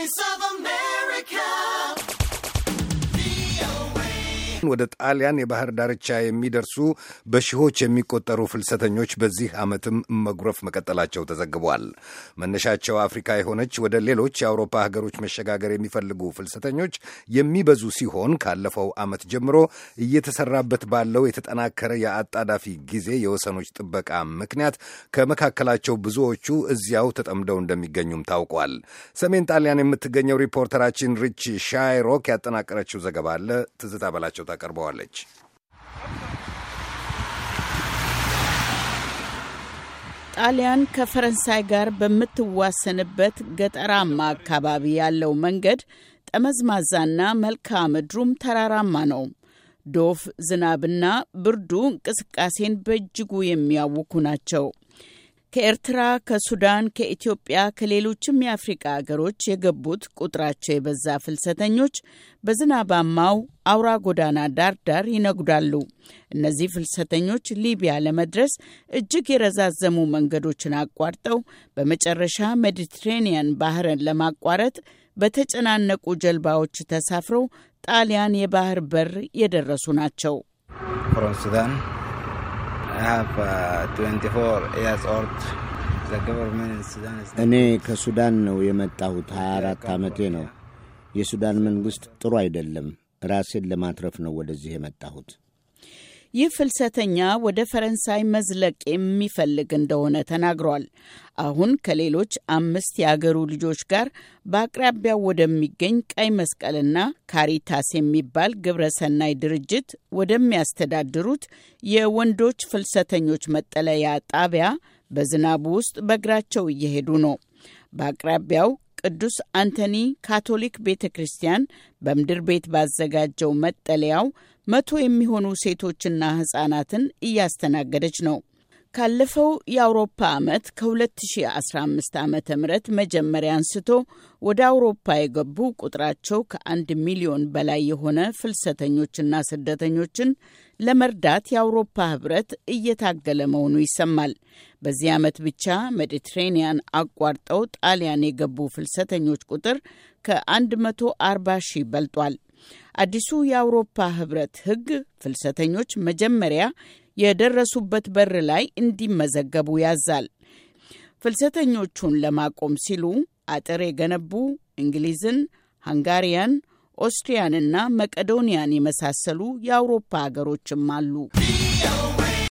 Voice of America. ወደ ጣሊያን የባህር ዳርቻ የሚደርሱ በሺዎች የሚቆጠሩ ፍልሰተኞች በዚህ ዓመትም መጉረፍ መቀጠላቸው ተዘግቧል። መነሻቸው አፍሪካ የሆነች ወደ ሌሎች የአውሮፓ ሀገሮች መሸጋገር የሚፈልጉ ፍልሰተኞች የሚበዙ ሲሆን ካለፈው ዓመት ጀምሮ እየተሰራበት ባለው የተጠናከረ የአጣዳፊ ጊዜ የወሰኖች ጥበቃ ምክንያት ከመካከላቸው ብዙዎቹ እዚያው ተጠምደው እንደሚገኙም ታውቋል። ሰሜን ጣሊያን የምትገኘው ሪፖርተራችን ሪች ሻይሮክ ያጠናቀረችው ዘገባ አለ። ትዝታ በላቸው ታቀርበዋለች። ጣሊያን ከፈረንሳይ ጋር በምትዋሰንበት ገጠራማ አካባቢ ያለው መንገድ ጠመዝማዛና መልክዓ ምድሩም ተራራማ ነው። ዶፍ ዝናብና ብርዱ እንቅስቃሴን በእጅጉ የሚያውኩ ናቸው። ከኤርትራ፣ ከሱዳን፣ ከኢትዮጵያ፣ ከሌሎችም የአፍሪቃ አገሮች የገቡት ቁጥራቸው የበዛ ፍልሰተኞች በዝናባማው አውራ ጎዳና ዳር ዳር ይነጉዳሉ። እነዚህ ፍልሰተኞች ሊቢያ ለመድረስ እጅግ የረዛዘሙ መንገዶችን አቋርጠው በመጨረሻ ሜዲትሬኒያን ባህርን ለማቋረጥ በተጨናነቁ ጀልባዎች ተሳፍረው ጣሊያን የባህር በር የደረሱ ናቸው። Uh, እኔ ከሱዳን ነው የመጣሁት። 24 ዓመቴ ነው። የሱዳን መንግሥት ጥሩ አይደለም። ራሴን ለማትረፍ ነው ወደዚህ የመጣሁት። ይህ ፍልሰተኛ ወደ ፈረንሳይ መዝለቅ የሚፈልግ እንደሆነ ተናግሯል። አሁን ከሌሎች አምስት የአገሩ ልጆች ጋር በአቅራቢያው ወደሚገኝ ቀይ መስቀልና ካሪታስ የሚባል ግብረሰናይ ድርጅት ወደሚያስተዳድሩት የወንዶች ፍልሰተኞች መጠለያ ጣቢያ በዝናቡ ውስጥ በእግራቸው እየሄዱ ነው። በአቅራቢያው ቅዱስ አንቶኒ ካቶሊክ ቤተ ክርስቲያን በምድር ቤት ባዘጋጀው መጠለያው መቶ የሚሆኑ ሴቶችና ሕጻናትን እያስተናገደች ነው። ካለፈው የአውሮፓ ዓመት ከ2015 ዓ ም መጀመሪያ አንስቶ ወደ አውሮፓ የገቡ ቁጥራቸው ከአንድ ሚሊዮን በላይ የሆነ ፍልሰተኞችና ስደተኞችን ለመርዳት የአውሮፓ ህብረት እየታገለ መሆኑ ይሰማል። በዚህ ዓመት ብቻ ሜዲትሬኒያን አቋርጠው ጣሊያን የገቡ ፍልሰተኞች ቁጥር ከ140 ሺህ በልጧል። አዲሱ የአውሮፓ ህብረት ህግ ፍልሰተኞች መጀመሪያ የደረሱበት በር ላይ እንዲመዘገቡ ያዛል። ፍልሰተኞቹን ለማቆም ሲሉ አጥር የገነቡ እንግሊዝን፣ ሃንጋሪያን፣ ኦስትሪያንና መቀዶኒያን የመሳሰሉ የአውሮፓ ሀገሮችም አሉ።